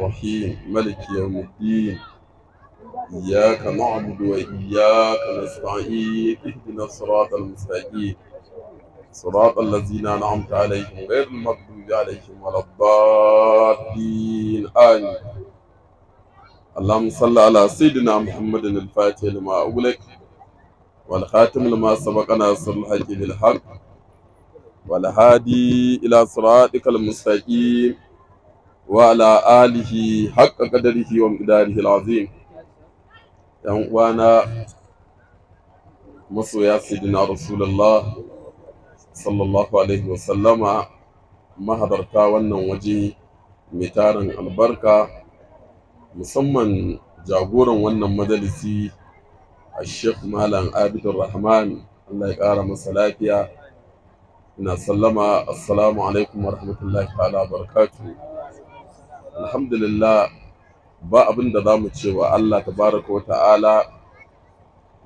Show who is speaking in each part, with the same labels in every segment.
Speaker 1: الرحيم ملك يوم الدين إياك نعبد وإياك نستعين اهدنا الصراط المستقيم صراط الذين أنعمت عليهم غير المغضوب عليهم ولا الضالين آمين اللهم صل على سيدنا محمد الفاتح لما أغلق والخاتم لما سبق ناصر الحق للحق والهادي إلى صراطك المستقيم وعلى آله حق قدره ومقداره العظيم ‘yan uwana masoya sidina rasulallah sallallahu alaihi wasallama mahadarta wannan waje mai taron albarka musamman jagoran wannan majalisi a sheikh malam abidun rahman allah ya ƙara masa lafiya ina sallama assalamu alaikum warahmatullahi ta'ala barakatuhu alhamdulillah ba abin da za mu ce wa Allah tabaraka wa ta'ala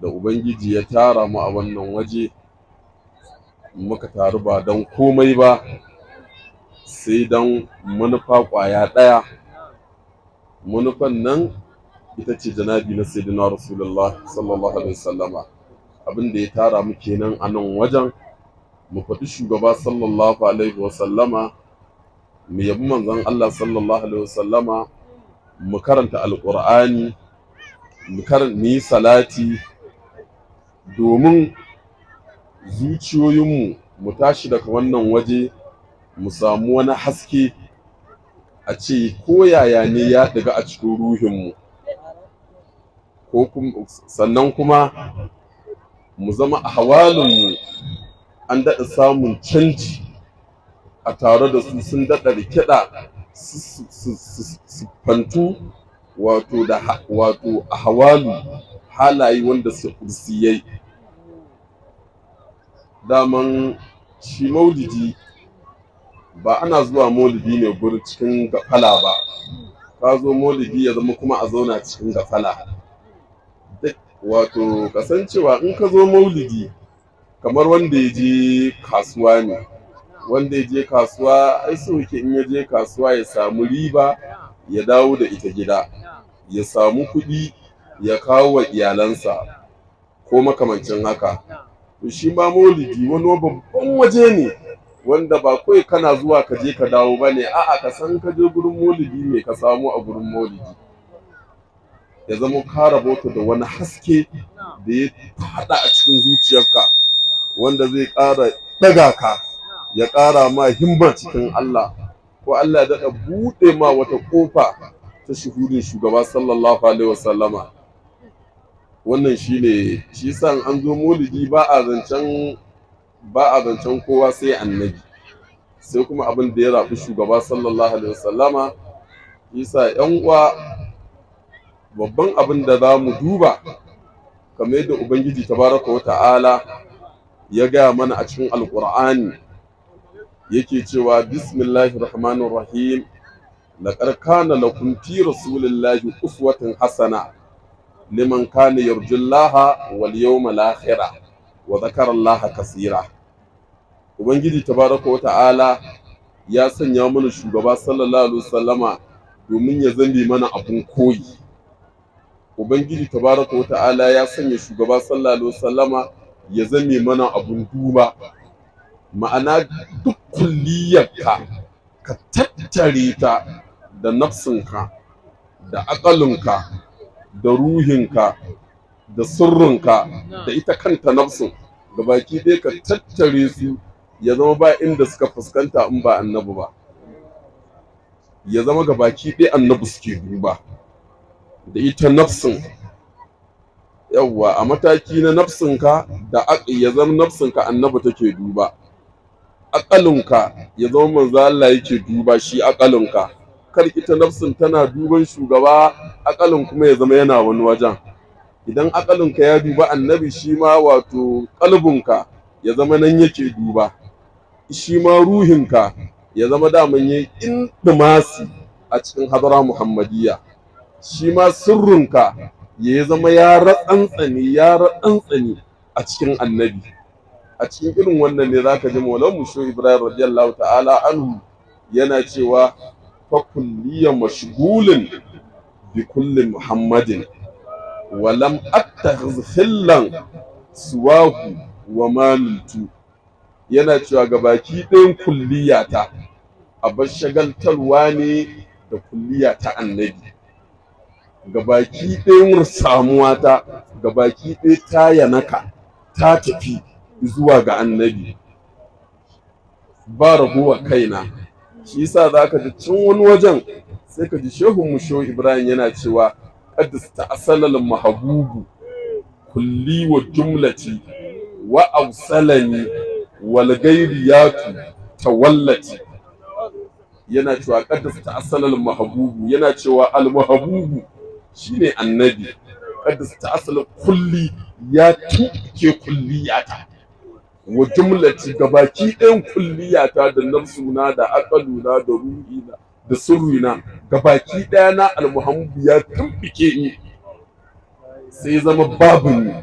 Speaker 1: da Ubangiji ya tara mu a wannan waje muka taru ba don komai ba sai don manufa ƙwaya ɗaya manufan nan ita ce janabi na sayyidina rasulullah sallallahu alaihi wasallama abin da ya tara mu kenan a nan wajen mu faɗi shugaba sallallahu alaihi wasallama mu yabi manzon Allah sallallahu alaihi wasallama mu karanta alqur'ani mu karanta yi salati domin zuciyoyinmu mu tashi daga wannan waje mu samu wani haske a ce ko yaya ne ya daga a cikin ruhinmu sannan kuma mu zama a hawalinmu an daɗa samun canji a tare da su sun daɗa rikida su fantu wato da wato a hawalu halaye wanda su kursiyai daman shi maulidi ba ana zuwa maulidi ne gurin cikin gafala ba ka zo maulidi ya zama kuma a zauna cikin gafala duk wato kasancewa in ka zo maulidi kamar wanda ya je kasuwa ne wanda ya je kasuwa ai so yake in ya je kasuwa ya samu riba ya dawo da ita gida ya samu kuɗi ya kawo wa iyalansa ko makamancin haka to shi ma maulidi wani babban waje ne wanda ba kawai kana zuwa ka je ka dawo ba ne a'a ka san ka je gurin maulidi me ka samu a gurin maulidi ya zama ka rabota da wani haske da ya haɗa a cikin zuciyarka wanda zai ƙara ɗaga ka ya ƙara ma himma cikin Allah ko Allah ya daɗa buɗe ma wata ƙofa ta shuhudin shugaba sallallahu alaihi wasallama wannan shine shi yasa an zo maulidi ba a zancen ba a zancen kowa sai annabi sai kuma abin da ya rafi shugaba sallallahu alaihi wasallama Isa yan uwa babban abin da za mu duba kamar yadda ubangiji tabaraka wa ta'ala ya gaya mana a cikin alkur'ani yake cewa bismillahir rahmanir rahim laqad kana lakum fi rasulillahi uswatun hasana liman kana yarjullaha wal yawmal akhir wa dhakara allaha kaseera ubangiji tabaraka wa ta'ala ya sanya mana shugaba sallallahu alaihi wasallama domin ya zambe mana abun koyi ubangiji tabaraka wa ta'ala ya sanya shugaba sallallahu alaihi wasallama ya zame mana abun duba ma'ana duk kulliyarka ka tattare ta da nafsinka da akalinka da ruhinka da sirrinka da ita kanta nafsin baki ɗaya ka tattare su ya zama ba inda suka fuskanta in ba annabi ba ya zama baki ɗaya annabi suke duba da ita nafsin yawwa a mataki na nafsinka da ya zama nafsinka annabi take duba akalinka ya zama manzo Allah yake duba shi akalinka kar ita nafsin tana duban shugaba akalin kuma ya zama yana wani wajen idan akalinka ya duba annabi shi ma wato ƙalbinka ya zama nan yake duba shi ma ruhinka ya zama daman yi in dumasi a cikin hadara muhammadiyya shi ma sirrinka ya zama ya ratsantsani ya ratsantsani a cikin annabi a cikin irin wannan ne zaka ji maulan mu ibrahim radiyallahu ta'ala anhu yana cewa fa kulliya mashghulun bi kulli muhammadin wa lam attakhiz khillan suwahu wa malutu yana cewa gabaki ɗayan kulliyata bar shagaltarwa ne da kulliya ta annabi gabaki ɗayan samuwa ta gabaki ɗaya ta yanaka ta tafi zuwa ga annabi ba raguwa kaina shi yasa zaka ka ji cin wani wajen sai ka ji shehun musho ibrahim yana cewa qadis ta asalal mahabubu kulli wa jumlati wa ausalani wal gairiyatu tawallati yana cewa qadis ta asalal mahabubu yana cewa al mahabubu shine annabi qadis ta kulli ya tuke kulliyata wa ga gabaki ɗayan kulliyata da nafsuna da aqaluna da ruhina da sirrina gabaki ɗaya na almuhammadu ya tumbike ni sai zama babu ni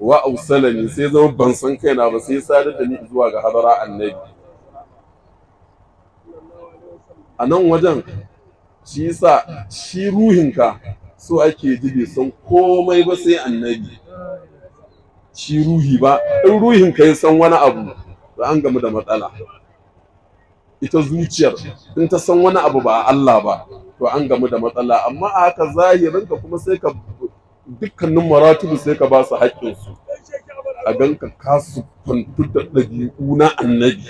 Speaker 1: wa ausala ne sai zama ban san kaina ba sai sadar da ni zuwa ga hadara annabi a nan wajen shi yasa shi ruhinka so ake ji bai san komai ba sai annabi shi ruhi ba in ruhin ka ya san wani abu ba an gamu da matsala ita zuciyar in ta san wani abu ba Allah ba to an gamu da matsala amma a haka zahirin ka kuma sai ka dukkanin maratubu sai ka ba su haƙƙin su a gan ka su kwantu da ɗabi'u na annabi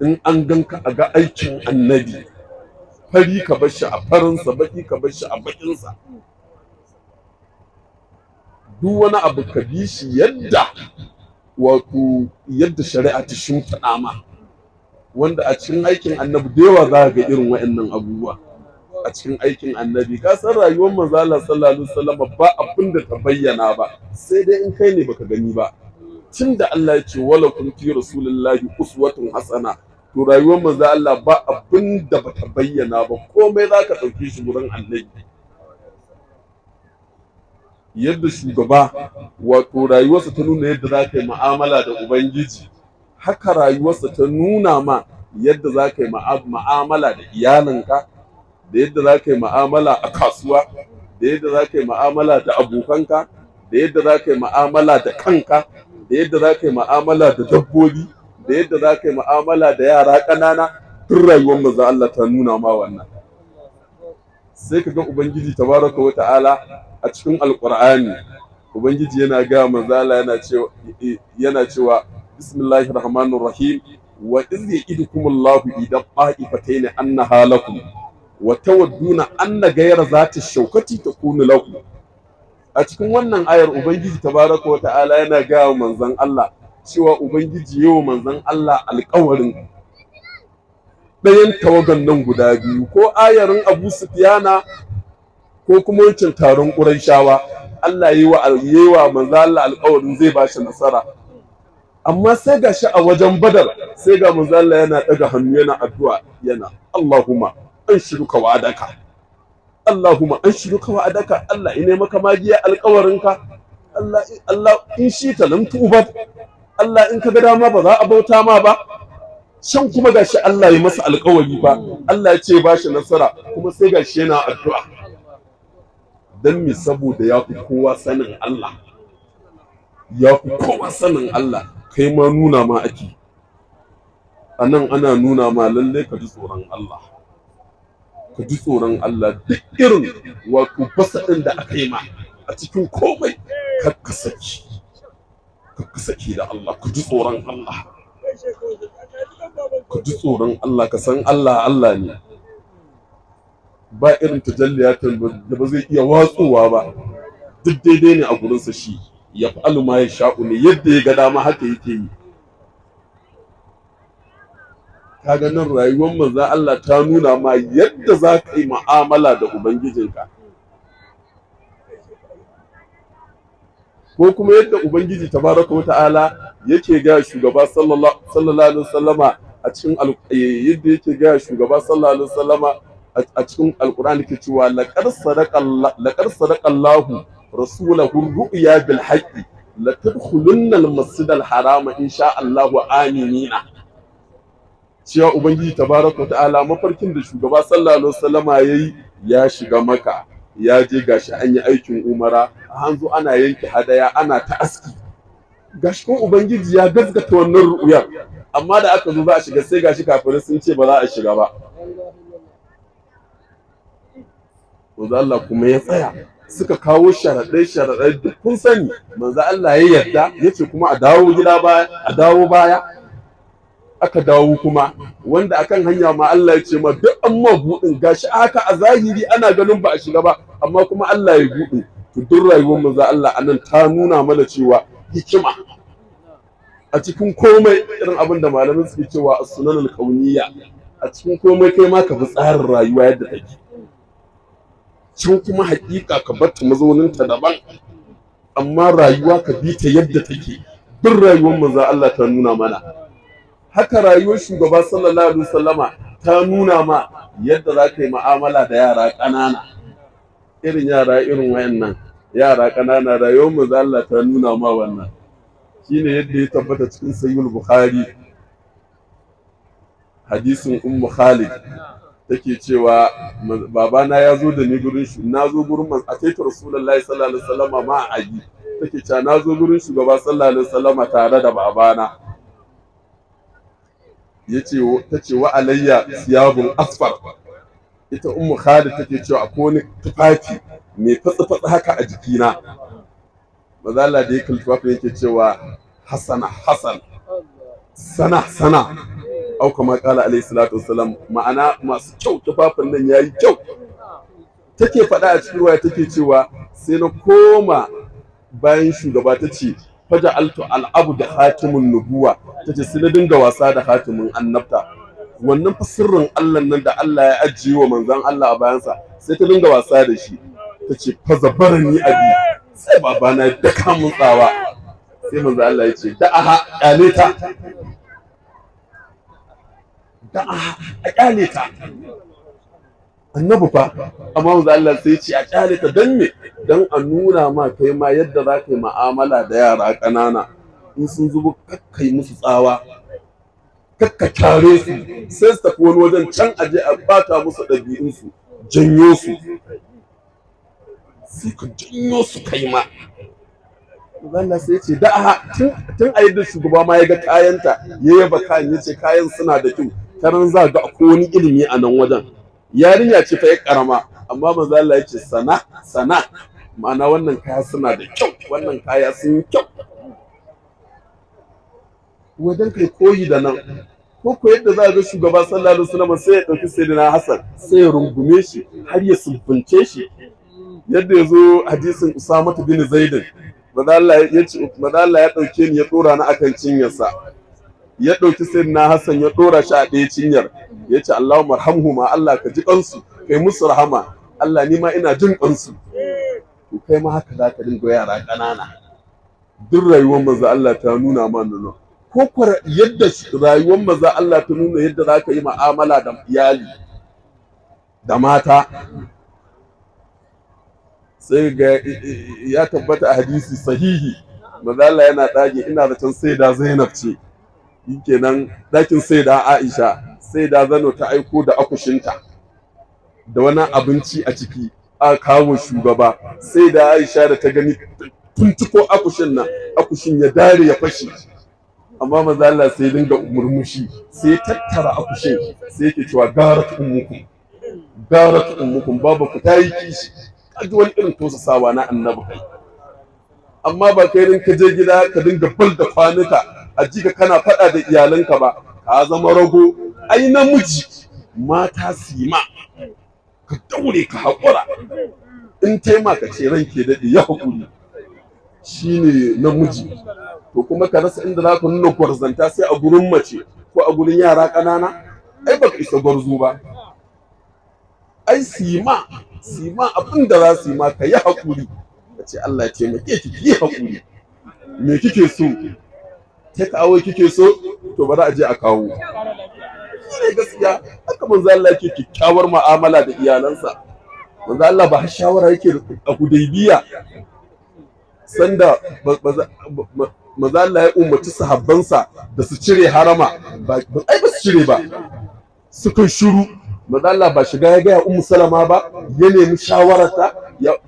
Speaker 1: in an gan ka a ga aikin annabi fari ka bar shi a farinsa baki ka bar shi a bakinsa duk wani abu ka bi shi yadda wato yadda shari'a ta shimfiɗa ma wanda a cikin aikin annabi da yawa za ga irin waɗannan abubuwa a cikin aikin annabi ka san rayuwar manzala sallallahu alaihi wasallam ba abin da ta bayyana ba sai dai in kai ne baka gani ba Tun da Allah ya ce wala kun fi rasulullahi uswatun hasana to rayuwar manzo Allah ba abin da bata bayyana ba komai zaka ɗauki shi gurin annabi yadda shugaba wato rayuwarsa ta nuna yadda za ka yi ma'amala da ubangiji haka rayuwarsa ta nuna ma yadda za ka yi ma'amala da iyalinka da yadda za ka yi ma'amala a kasuwa da yadda za ka yi ma'amala da abokanka da yadda za ka yi ma'amala da kanka da yadda za ka yi ma'amala da dabbobi da yadda za ka yi ma'amala da yara ƙanana duk rayuwar maza Allah ta nuna ma wannan sai ka ga ubangiji tabaraka wa ta'ala a cikin alkur'ani ubangiji yana ga manzala yana cewa yana cewa bismillahir rahmanir rahim wa iz ya'idukumullahu idan qa'ifatayn annaha lakum wa tawadduna anna ghayra zati shaukati takunu lakum a cikin wannan ayar ubangiji tabaraka wa ta'ala yana ga manzon Allah cewa ubangiji yau Manzan Allah alƙawarin ɗayan tawagan nan guda biyu ko ayarin Abu Sufyana ko kuma wancan taron shawa. Allah yi wa yewa manzo Allah alƙawarin zai ba shi nasara amma sai ga shi a wajen badar sai ga manzo Allah yana daga hannu yana addu'a yana Allahumma an shiruka wa adaka Allahumma an shiruka wa adaka Allah ine maka magiya alƙawarinka Allah Allah in shi ta talam tubat Allah in ka ga dama ba za a bauta ma ba shan kuma gashi Allah ya masa alƙawari ba Allah ya ce ba shi nasara kuma sai gashi yana addu'a don mi saboda ya fi kowa sanin Allah ya fi kowa sanin Allah kai ma nuna ma ake a nan ana nuna ma lallai ka ji tsoron Allah ka ji tsoron Allah duk irin wato basa ɗin da aka yi ma a cikin komai ka saki ka saki da Allah ka ji tsoron Allah ka ji tsoron Allah ka san Allah Allah ne ba irin tajalliyatan da ba zai iya watsowa ba duk daidai ne a gurinsa shi ya fi aluma ya sha'u ne yadda ya ga dama haka yake yi kaga nan rayuwar manzan Allah ta nuna ma yadda za ka yi ma'amala da ubangijinka ko kuma yadda ubangiji tabaraka wa ta'ala yake ga shugaba sallallahu alaihi wasallama a cikin eh, yadda yake ga shugaba sallallahu alaihi wasallama a cikin Alƙur'ani, ke cewa laqad sadaqa laqad sadaqa Allah rasulahu ru'ya bil haqqi la tadkhulunna al masjid al haram sha Allah aminina cewa ubangiji tabaraka ta'ala mafarkin da shugaba sallallahu alaihi wasallama yayi ya shiga maka ya je gashi an yi aikin umara a hanzu ana yanke hadaya ana ta aski gashi ko ubangiji ya gazgata wannan ru'ya amma da aka zo za a shiga sai gashi kafirai sun ce ba za a shiga ba manzo Allah kuma ya tsaya suka kawo sharaɗai sharaɗai kun sani manzo Allah ya yarda yace kuma a dawo gida baya a dawo baya aka dawo kuma wanda akan hanya ma Allah ya ce ma duk an ma buɗin gashi haka a zahiri ana ganin ba a shiga ba amma kuma Allah ya buɗe to duk rayuwar manzo Allah anan ta nuna mana cewa hikima a cikin komai irin abin da malamin suke cewa as-sunan al-kauniyya a cikin komai kai ma ka fi tsarin rayuwa yadda kake can kuma haƙiƙa ka bar ta mazauninta daban amma rayuwa ka bi ta yadda take bin rayuwar manzo Allah ta nuna mana haka rayuwar shugaba sallallahu alaihi wasallama ta nuna ma yadda za ka yi mu'amala da yara ƙanana irin yara irin wayannan yara ƙanana rayuwar manzo Allah ta nuna ma wannan shine yadda ya tabbata cikin sahihul bukhari hadisin ummu khalid take cewa babana ya zo da ni gurin shi na zo gurin man a taita rasulullahi sallallahu alaihi wasallama ma a aji take cewa na zo gurin shugaba sallallahu alaihi wasallama tare da babana yace ta ce wa alayya siyabun asfar ita ummu khalid take cewa akwai wani tufafi mai fatsa-fatsa haka a jikina maza Allah da ya kalli tufafin yake cewa hasana hasan sana sana au kama kala alayhi salatu wassalam ma'ana masu kyau tufafin nan yayi kyau take faɗa a cikin waya take cewa sai na koma bayan shugaba ta ce faja altu al'abu da hatimin nubuwa ta ce sai na dinga wasa da hatimin annabta wannan fa sirrin Allah nan da Allah ya ajiye wa manzan Allah a bayansa sai ta dinga wasa da shi ta ce fa zabarani abi sai babana da kamun tsawa sai manzan Allah ya ce da aha ta da a kyale ta annabi fa amma manzo Allah sai ce a kyale ta dan me dan a nuna ma kai ma yadda za ka yi mu'amala da yara ƙanana in sun zubo kakkai musu tsawa kakka tare su sai su tafi wani wajen can aje a bata musu ɗabi'unsu janyo su sai ka janyo su kai ma Allah sai ce da tun a yadda shugaba ma ya ga kayanta ya yaba kayan ya ce kayan suna da kyau karan za ga ko wani ilimi a nan wajen yarinya ce fa ya karama amma manzo Allah ya ce sana sana ma'ana wannan kaya suna da kyau wannan kaya sun kyau wajen kai koyi da nan ko ko yadda za a ga shugaba sallallahu alaihi wasallam sai ya dauki sayyidina Hassan sai ya rungume shi har ya sulfunce shi yadda yazo hadisin Usama bin Zaidin manzo Allah ya ce manzo Allah ya dauke ni ya tsora ni akan cinyarsa ya ɗauki sayyidina Hassan ya ɗora shi a ɗaya cinyar ya ce Allahumma ma Allah ka ji kansu kai musu rahama Allah ni ma ina jin kansu to kai ma haka za ka dinga yara ƙanana duk rayuwar maza Allah ta nuna ma nuna ko yadda rayuwar maza Allah ta nuna yadda za ka yi ma'amala da iyali da mata sai ga eh, eh, eh, ya tabbata a hadisi sahihi maza Allah yana ɗage ina da can sai da Zainab ce kenan dakin sai da aisha sai da zano ta aiko da akushinta da wani abinci a ciki a kawo shugaba sai da aisha da ta gani tuntuko akushin nan akushin ya dare ya fashe amma maza Allah sai dinga murmushi sai tattara akushin sai yake cewa gara ummukum gara ummukum babu ku tayi kishi kaji wani irin tosa na annabi amma ba kai rin ka je gida ka dinga bal da kwanuka a jika kana faɗa da iyalanka ba ka zama rago ai namiji mata sima. ma ka daure ka haƙura in taimaka ce ranke daɗe ya haƙuri shine namiji to kuma ka rasa inda za ka nuna gwarzanta sai a gurin mace ko a gurin yara ƙanana ai baka isa gwarzo ba ai sima sima abin da za su ka yi haƙuri ka ce Allah ya taimake ki ki yi haƙuri me kike so take away kike so to bari a je a kawo ne gaskiya haka manzo Allah yake kyakkyawar mu'amala da iyalansa manzo Allah ba shawara yake a Hudaybiya sanda manzo Allah ya umarci sahabbansa da su cire harama ba ai ba su cire ba su kai shiru manzo Allah ba shiga ya gaya ummu salama ba ya nemi shawararta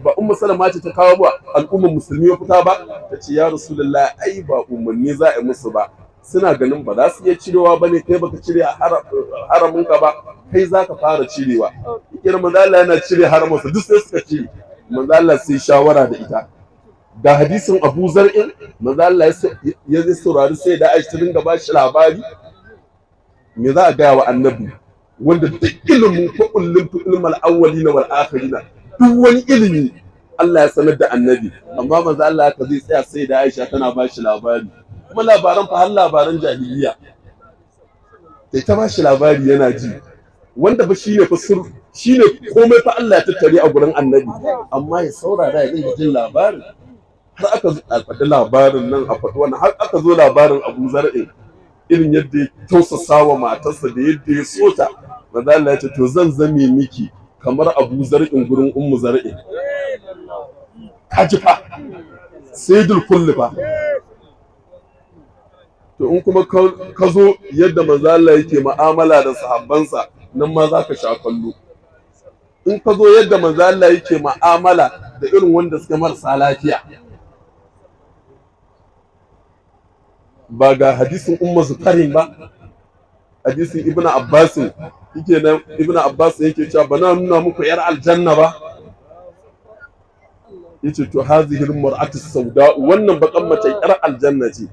Speaker 1: ba ummu salama ce ta kawo ba al'ummar musulmi ya fita ba ta ce ya rasulullah ai ba umarni za a yi musu ba suna ganin ba za su iya cirewa ba ne kai baka cire ka ba kai za ka fara cirewa irin manzo Allah yana cire haraminsa duk sai suka cire manzo Allah sai shawara da ita da hadisin Abu Zar'in manzo Allah ya zai saurari sai da Aisha ta dinga ba shi labari me za a gaya wa annabi wanda duk ilimin kullum awali na wal akhirina duk wani ilimi Allah ya sanar da annabi amma manzo Allah ka zai tsaya sai da Aisha tana ba shi labari kuma labaran fa har labaran jahiliya sai ta ba shi labari yana ji wanda fa shine fa sur shine komai fa Allah ya tattare a gurin annabi amma ya saurara ya dinga jin labarin har aka faɗi labarin nan a faɗi har aka zo labarin Abu Zar'i irin yadda ya tausasa wa matarsa da yadda ya so ta manzo ya ce to zan zame miki kamar Abu Zar'in gurin Ummu Zar'in kaji fa sai kulli fa to in kuma ka zo yadda manzo Allah yake mu'amala da sahabbansa nan ma za ka sha kallo in ka zo yadda manzo Allah yake mu'amala da irin wanda suka marasa lafiya ba ga hadisin ummu zukarin ba hadisin Ibn abbasin yake nan ibn abbas yake cewa bana nuna muku yar aljanna ba yace to hazihi almar'atu sauda wannan bakan mace yar aljanna ce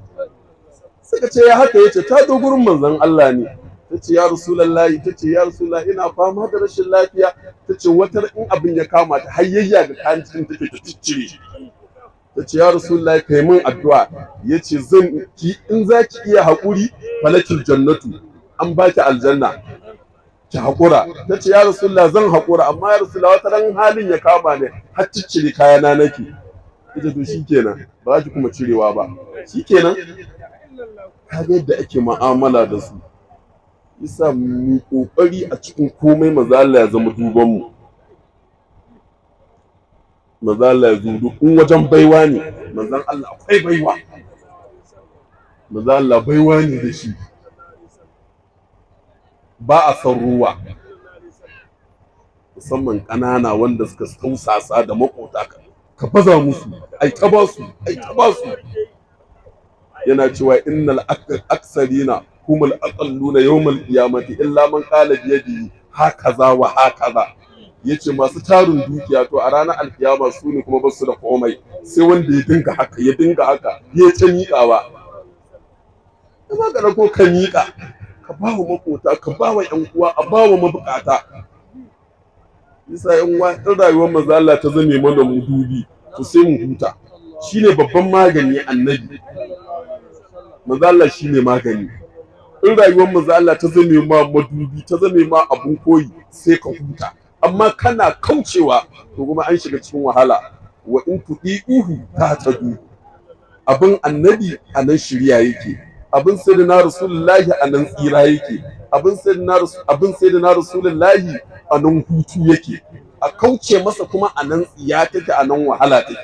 Speaker 1: suka ce ya haka yace ta zo gurin manzon Allah ne tace ya rasulullahi tace ya rasulullahi ina fama da rashin lafiya tace watar in abin ya kama ta hayayya ga kan cikin take ta ciccire tace ya rasulullahi kai min addu'a yace zan ki in zaki iya hakuri falakil jannatu an baki aljanna ki haƙura ta ce ya rasulullah zan haƙura amma ya rasulullah wata ran halin ya kama ne har ciccire kayana nake ita to shikenan ba za ki kuma cirewa ba shikenan ga yadda ake mu'amala da su isa mu kokari a cikin komai maza Allah ya zama duban mu maza Allah ya zudu in wajen baiwa ne manzon Allah akwai baiwa maza Allah baiwa ne da shi ba a son ruwa musamman ƙanana wanda suka tausasa da makota ka baza musu ai ta ba su ai ta ba su yana cewa innal aksarina humul aqalluna yawmal qiyamati illa man qala bi yadihi hakaza wa hakaza yace masu tarin dukiya to a ranar alkiyama su ne kuma basu da komai sai wanda ya dinga haka ya dinga haka ya ta miƙawa kuma ka ko ka miƙa ka ba wa makota ka ba wa yan uwa a ba wa mabukata yasa yan uwa in rayuwar manzo Allah ta zame mana mu dubi to sai mu huta shine babban magani annabi manzo Allah shine magani in rayuwar manzo Allah ta zame ma madubi ta zame ma abun koyi sai ka huta amma kana kaucewa to kuma an shiga cikin wahala wa in kudi uhu ta tadu abin annabi a nan shirya yake abin sayyidina rasulullahi a nan tsira yake abin sayyidina na sayyidina rasulullahi a nan hutu yake a kauce masa kuma a nan tsiya take a nan wahala take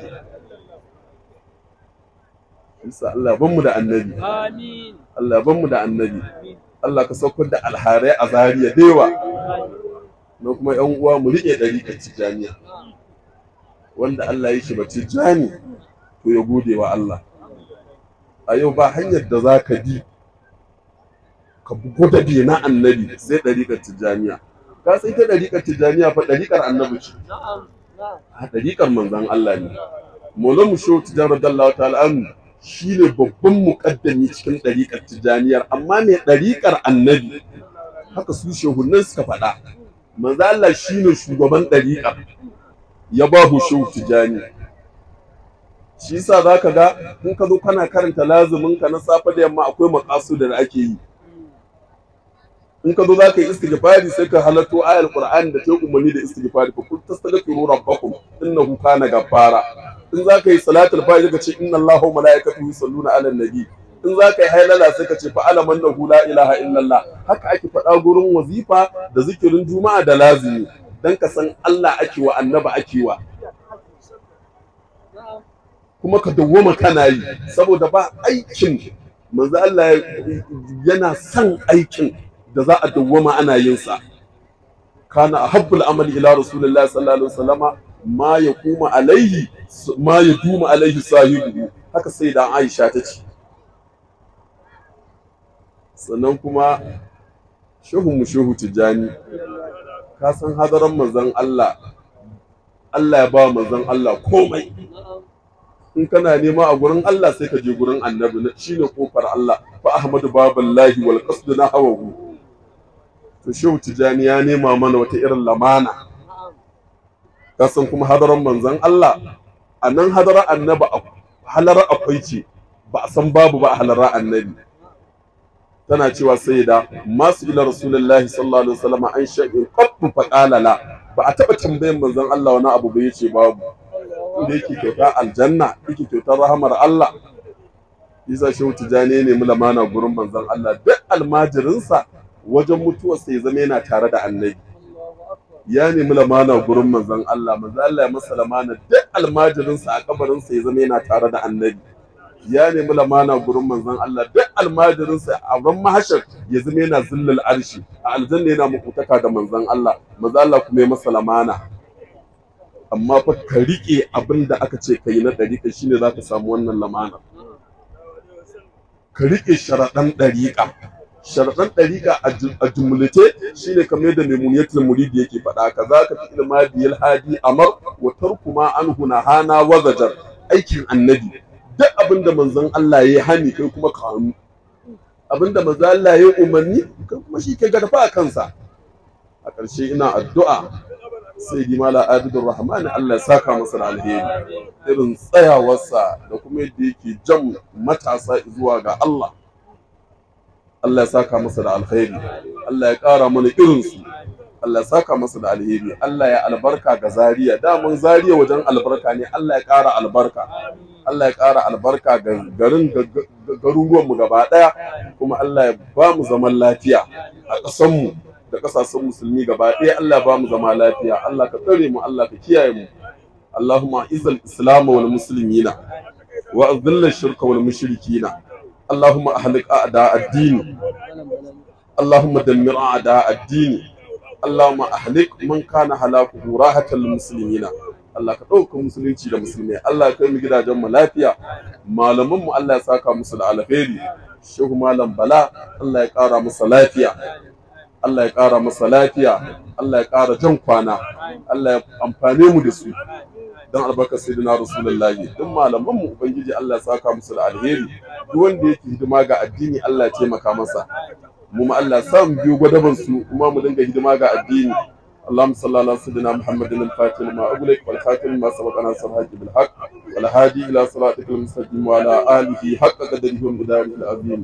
Speaker 1: Isa Allah ban mu da annabi Allah ban mu da annabi Allah ka saukar da alharai a zariya dewa na kuma yan uwa mu riƙe ɗari ka ci jami'a wanda Allah ya shi bace jani to ya gode wa Allah a yau ba hanyar da za ka bi ka gwada bi na annabi sai ɗariƙar tijjaniya ka sai ta ɗariƙar tijjaniya fa ɗariƙar annabi ce a ɗariƙar manzan Allah ne Maulana Musho Tijjan radallahu ta'ala shi ne babban muƙaddami cikin ɗariƙar tijjaniyar amma mai ɗariƙar annabi haka su shehunan suka faɗa manzo Allah ne shugaban ɗariƙar ya babu shehu tijjani shi yasa zaka ga in ka zo kana karanta lazumin ka na safe da yamma akwai maqasu da ake yi in ka zo za ka yi istighfari sai ka halatto ayar qur'ani da ta umarni da istighfari fa kun tastaghfiru rabbakum innahu kana gaffara in za ka yi salatul fajr ka ce inna allahu malaikatahu yusalluna ala nabi in za ka yi hailala sai ka ce fa alaman da hula ilaha illallah haka ake faɗa gurin wazifa da zikirin juma'a da lazimi dan ka san Allah ake wa annaba ake wa kuma ka dawwama kana yi saboda ba aikin manzo Allah yana son aikin da za a dawwama ana yin sa kana ahabbul amali ila rasulullahi sallallahu alaihi wasallama ma ya kuma alaihi ma ya duma alaihi sahibi haka sai da Aisha ta ce sannan kuma shehu mu shehu tijani ka san hadaran manzon Allah Allah ya ba manzon Allah komai in kana nema a gurin Allah sai ka je gurin annabi shine kofar Allah fa ahmadu baballahi wal qasdu na hawahu to shehu tijani ya nema mana wata irin lamana kasan kuma hadaran manzon Allah a nan hadarar annabi halara akwai ce ba a san babu ba a halara annabi tana cewa sayyida masu ila rasulullahi sallallahu alaihi wasallam an sha'in fa qala la ba a taba tambayan manzon Allah wani abu ba yace babu inda yake kyauta aljanna yake kyauta rahamar Allah isa shehu tijani ne mu lamana gurin manzon Allah duk almajirinsa wajen mutuwar sai zama yana tare da annabi ya nemi lamana gurin manzon Allah manzon Allah ya masa lamana duk almajirinsa a sa ya zama yana tare da annabi ya nemi lamana gurin manzon Allah duk almajirinsa a ran mahashar ya zama yana zillal arshi a aljanna yana mukutaka da manzon Allah manzon Allah kuma ya masa lamana amma fa ka riƙe abin da aka ce ka yi na ɗariƙa shine za ka samu wannan lamana ka riƙe sharaɗan ɗariƙa sharaɗan ɗariƙa a shi shine kamar da muniyatul muridi yake faɗa ka za ka fi ilma biyal hadi amar wa tarkuma huna hana wazajar aikin annabi duk abin da manzon Allah ya hani kai kuma ka hannu abin da manzon Allah ya umarni kai kuma shi kai garfa a kansa a ƙarshe ina addu'a sai di mala abidur rahman Allah saka masa da alheri irin tsayawarsa da kuma yadda yake jan matasa zuwa ga Allah Allah ya saka masa da alheri Allah ya ƙara mana irinsu Allah ya saka masa da alheri Allah ya albarka ga Zariya. daman Zariya wajen albarka ne Allah ya ƙara albarka Allah ya ƙara albarka ga garin garuruwanmu gaba ɗaya kuma Allah ya ba mu zaman lafiya a mu. da kasashen musulmi gaba ɗaya Allah ba mu zama lafiya Allah ka tsare mu Allah ka kiyaye mu Allahumma izal islamu wal muslimina wa azilla shirka wal mushrikina Allahumma ahlik a'da ad-din Allahumma dammir a'da ad-din Allahumma ahlik man kana halakuhu lil muslimina Allah ka ɗauka musulunci da musulmai Allah ka mu gidajen mu lafiya malaman mu Allah ya saka musu da alheri shehu malam bala Allah ya ƙara masa lafiya Allah ya ƙara masa lafiya Allah ya ƙara jan kwana Allah ya amfane mu da su dan albarkar sayyidina rasulullahi duk malaman mu ubangiji Allah ya saka musu da alheri duk wanda yake hidima ga addini Allah ya taimaka masa mu ma Allah ya sa mu biyo gwadaban su kuma mu dinga hidima ga addini اللهم صل على سيدنا محمد الفاتح لما أغلق والخاتم ما سبقنا أنا سرهاج بالحق والهادي إلى صلاتك المستقيم وعلى آله حق قدره ومقداره العظيم